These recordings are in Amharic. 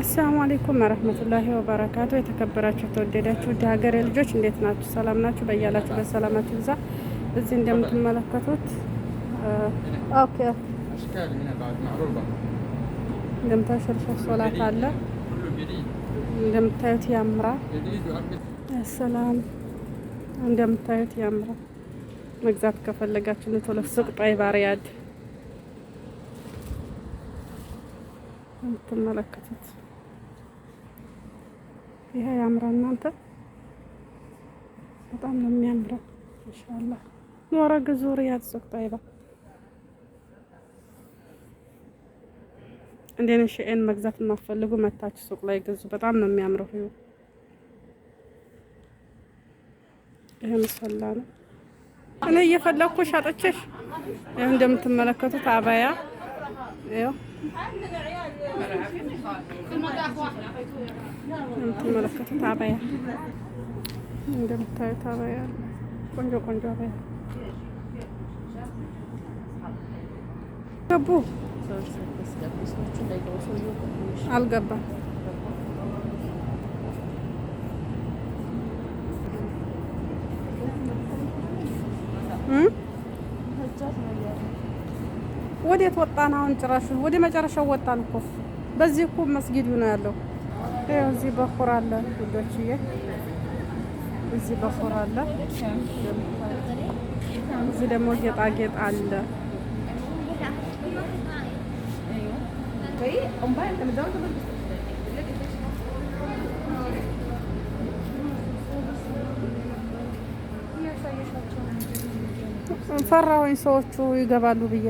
አሰላሙ አሌይኩም ወረህመቱላሂ ወበረካቱ። የተከበራችሁ የተወደዳችሁ ውድ ሀገሬ ልጆች እንዴት ናችሁ? ሰላም ናችሁ? በያላችሁ በሰላማችሁ ብዛ። እዚህ እንደምትመለከቱት እንደምታዩት ሸርሸር ሶላት አለ። እንደምታዩት ያምራል። ሰላም እንደምታዩት ያምራል። መግዛት ከፈለጋችሁ ንቶለፍ ሱቅ ጣይባ ሪያድ የምትመለከቱት ይሄ ያምራል። እናንተ በጣም ነው የሚያምረው። ኢንሻአላህ ወረግ ዙር ያጽቅ ጠይባ እንደነ ሸኤን መግዛት የማትፈልጉ መታች ሱቅ ላይ ግዙ። በጣም ነው የሚያምረው። ይሄ ይሄ መስላ ነው። እኔ እየፈለኩ ሻጠችሽ እንደምትመለከቱት አባያ ايوه عندنا عيال في المطاف واحد ملفة عباية እንደምታዩት አበያ ቆንጆ ቆንጆ አበያ ገቡ አልገባም። ወዴት ወጣን? አሁን ጭራሽ ወደ መጨረሻው ወጣን እኮ። በዚህ እኮ መስጊዱ ነው ያለው። ይኸው እዚህ በኩር አለ ውዶችዬ፣ እዚህ በኩር አለ። እዚህ ደግሞ ጌጣጌጥ አለ። ፈራሁኝ ሰዎቹ ይገባሉ ብዬ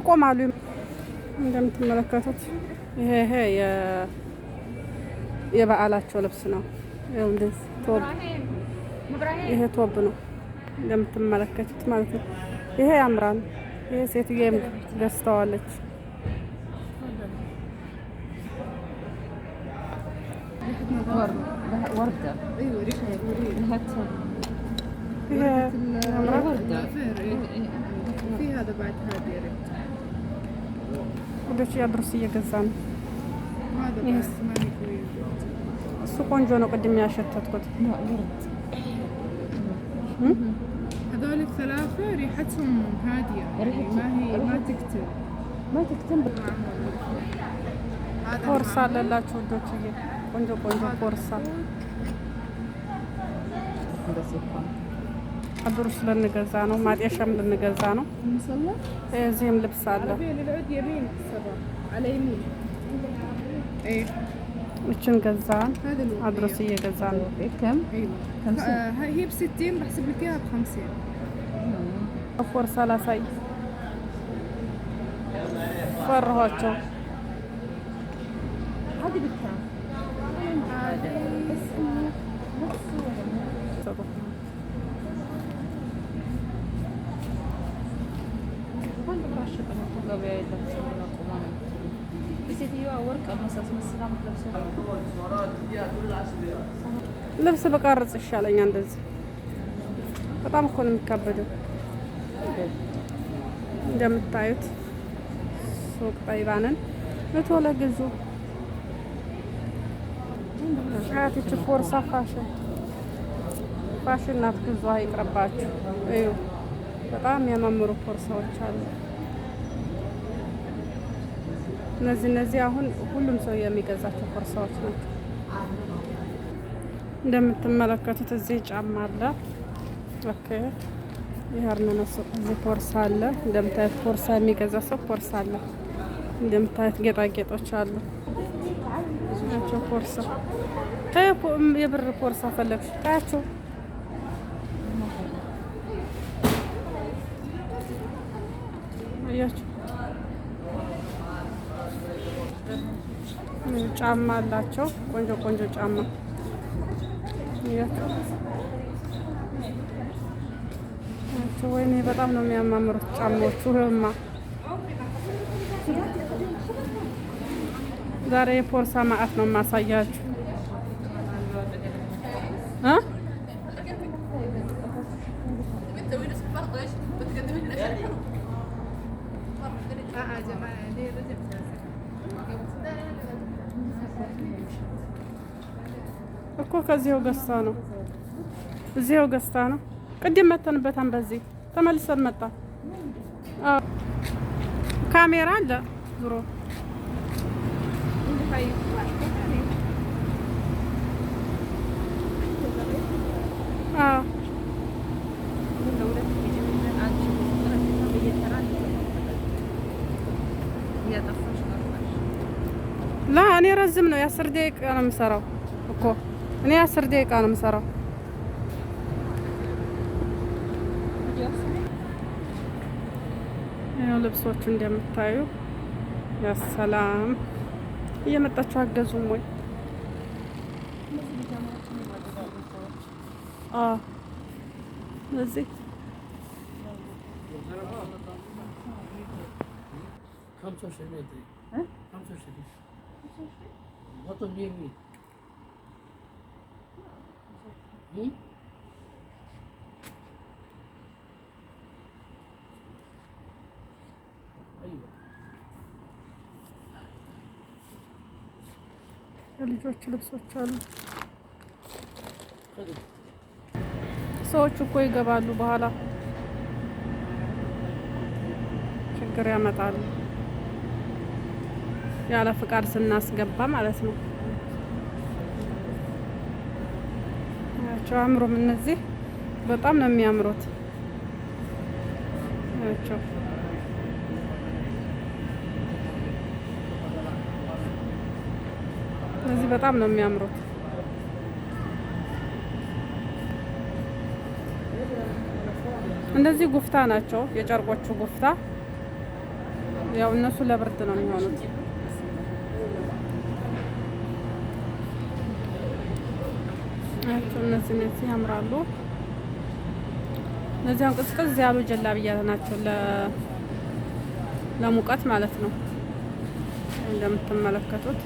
ይቆማሉ። እንደምትመለከቱት ይሄ የበዓላቸው ልብስ ነው። ይሄ ቶብ ነው እንደምትመለከቱት ማለት ነው። ይሄ ያምራል። ይሄ ሴትዬም ገዝተዋለች። ይሄ ወደች ያድሩስ እየገዛ ነው። እሱ ቆንጆ ነው። ቅድም ያሸተትኩት هذول الثلاثة ريحتهم هادية ما هي ما تكتم ما تكتم ቦርሳ አለላችሁ ውዶችዬ፣ ቆንጆ ቆንጆ ቦርሳ ብሩስ ልንገዛ ነው። ማጤሻም ልንገዛ ነው። እዚህም ልብስ አለ። እችን ገዛን። አድሮስ እየገዛ ነው። ፎር ሰላሳይ ፈራኋቸው ገበያ የለም ቆማ ነው። የሴትዮዋ ወርቅ መሳስመስላ ምትለብሰው ልብስ በቃረጽ ይሻለኛል። እንደዚህ በጣም እኮ ነው የሚካበደው። እንደምታዩት ሱቅ ጠይባንን በቶሎ ግዙ። አያትች ቦርሳ ፋሽን ፋሽን ናት፣ ግዙ አይቅርባችሁ። እዩ በጣም የሚያማምሩ ቦርሳዎች አሉ። እነዚህ እነዚህ አሁን ሁሉም ሰው የሚገዛቸው ቦርሳዎች ናቸው። እንደምትመለከቱት እዚህ ጫማ አለ። ኦኬ ይሄርነነሱ እዚህ ቦርሳ አለ። እንደምታየት ቦርሳ የሚገዛ ሰው ቦርሳ አለ። እንደምታየት ጌጣጌጦች አሉ ናቸው። ቦርሳ የብር ቦርሳ ፈለግ ታያቸው። አያችሁ ጫማ አላቸው። ቆንጆ ቆንጆ ጫማ ወይኔ በጣም ነው የሚያማምሩት ጫማዎቹ። ህማ ዛሬ የፖርሳ ማዕት ነው የማሳያችሁ። እኮ ከዚሁ ገዝታ ነው እዚሁ ገዝታ ነው። ቅድም መተንበታን በዚህ ተመልሰን መጣ። ካሜራ አለ ዙሮ ላ እኔ ረዝም ነው የአስር ደቂቃ ነው የምሰራው እኮ እኔ አስር ደቂቃ ነው የምሰራው። ልብሶቹ እንደምታዩ ያሰላም እየመጣችሁ አገዙም ወይ እዚህ እ የልጆች ልብሶች አሉ። ሰዎች እኮ ይገባሉ፣ በኋላ ችግር ያመጣሉ። ያለ ፍቃድ ስናስገባ ማለት ነው። ናቸው። አምሮም እነዚህ በጣም ነው የሚያምሩት ናቸው። እነዚህ በጣም ነው የሚያምሩት። እነዚህ ጉፍታ ናቸው፣ የጨርቆቹ ጉፍታ ያው እነሱ ለብርድ ነው የሚሆኑት። ናቸው። እነዚህ እነዚህ ያምራሉ። እነዚያን ቅዝቅዝ ያሉ ጀላብያ ናቸው ለሙቀት ማለት ነው። እንደምትመለከቱት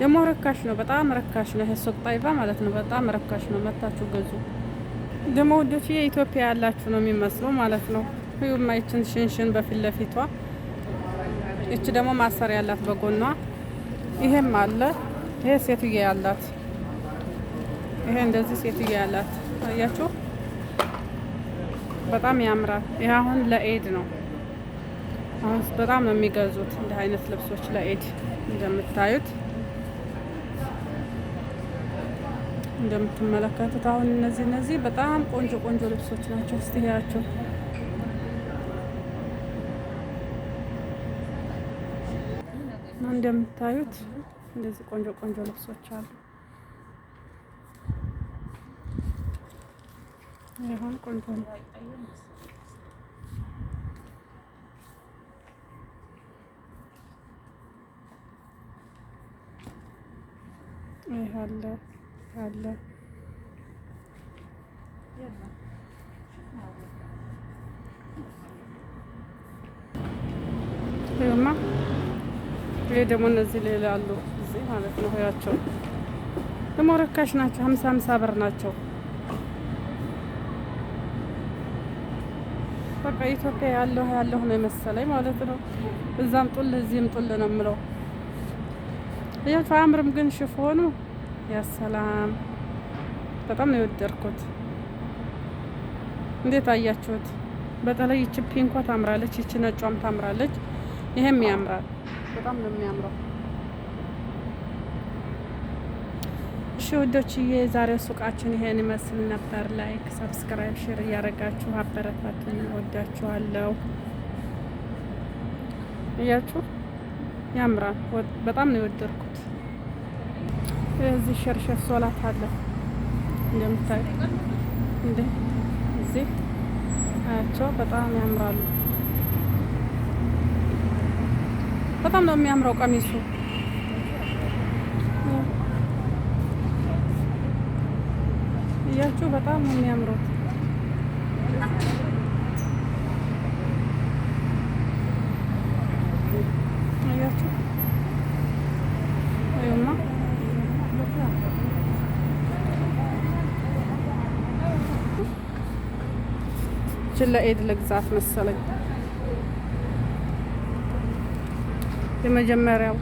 ደግሞ ርካሽ ነው፣ በጣም ርካሽ ነው። ሱቅ ጣይባ ማለት ነው። በጣም ረካሽ ነው። መታችሁ ገዙ። ደግሞ ወደፊ ኢትዮጵያ ያላችሁ ነው የሚመስለው ማለት ነው። ሁዩማ ይችን ሽንሽን በፊት ለፊቷ ይቺ ደግሞ ማሰሪያ ያላት በጎኗ ይሄም አለ። ይሄ ሴትዬ ያላት ይሄ እንደዚህ ሴትዮ ያላት አያችሁ፣ በጣም ያምራል። ይሄ አሁን ለኤድ ነው። አሁን በጣም ነው የሚገዙት እንደ አይነት ልብሶች ለኤድ። እንደምታዩት እንደምትመለከቱት አሁን እነዚህ እነዚህ በጣም ቆንጆ ቆንጆ ልብሶች ናቸው። እስቲ ያቸው እንደምታዩት እንደዚህ ቆንጆ ቆንጆ ልብሶች አሉ። ሊሆን ቆንጆ ነው። አለ አለ ይኸውማ ይሄ ደግሞ እነዚህ ሌላ አሉ እዚህ ማለት ነው። ያቸው ደግሞ ረካሽ ናቸው። ሀምሳ ሀምሳ ብር ናቸው። በቃ ኢትዮጵያ ያለሁ ያለሁ ነው የመሰለኝ ማለት ነው። እዛም ጡል እዚህም ጡል ነው የምለው። እያቸው አያምርም ግን ሽፎኑ ያሰላም በጣም ነው የወደድኩት። እንዴት አያችሁት? በተለይ ይቺ ፒንኳ ታምራለች፣ ይቺ ነጯም ታምራለች፣ ይሄም ያምራል። በጣም ነው የሚያምረው። ውዶችዬ የዛሬው ሱቃችን ይሄን ይመስል ነበር። ላይክ፣ ሰብስክራይብ፣ ሼር እያደረጋችሁ አበረታቱን። ወዳችኋለሁ እያችሁ ያምራል። በጣም ነው የወደድኩት። እዚህ ሸርሸር ሶላት አለ እንደምታዩ እንደ እዚህ አያቸው በጣም ያምራሉ። በጣም ነው የሚያምረው ቀሚሱ። እያችሁ በጣም ነው የሚያምሩት። አያችሁ ለኤድ ልግዛት መሰለኝ የመጀመሪያው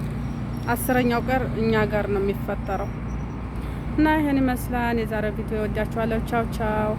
አስረኛው ቀር እኛ ጋር ነው የሚፈጠረው። እና ይህን ይመስላል የዛሬ ቪዲዮ። ወዳችኋለሁ። ቻው ቻው።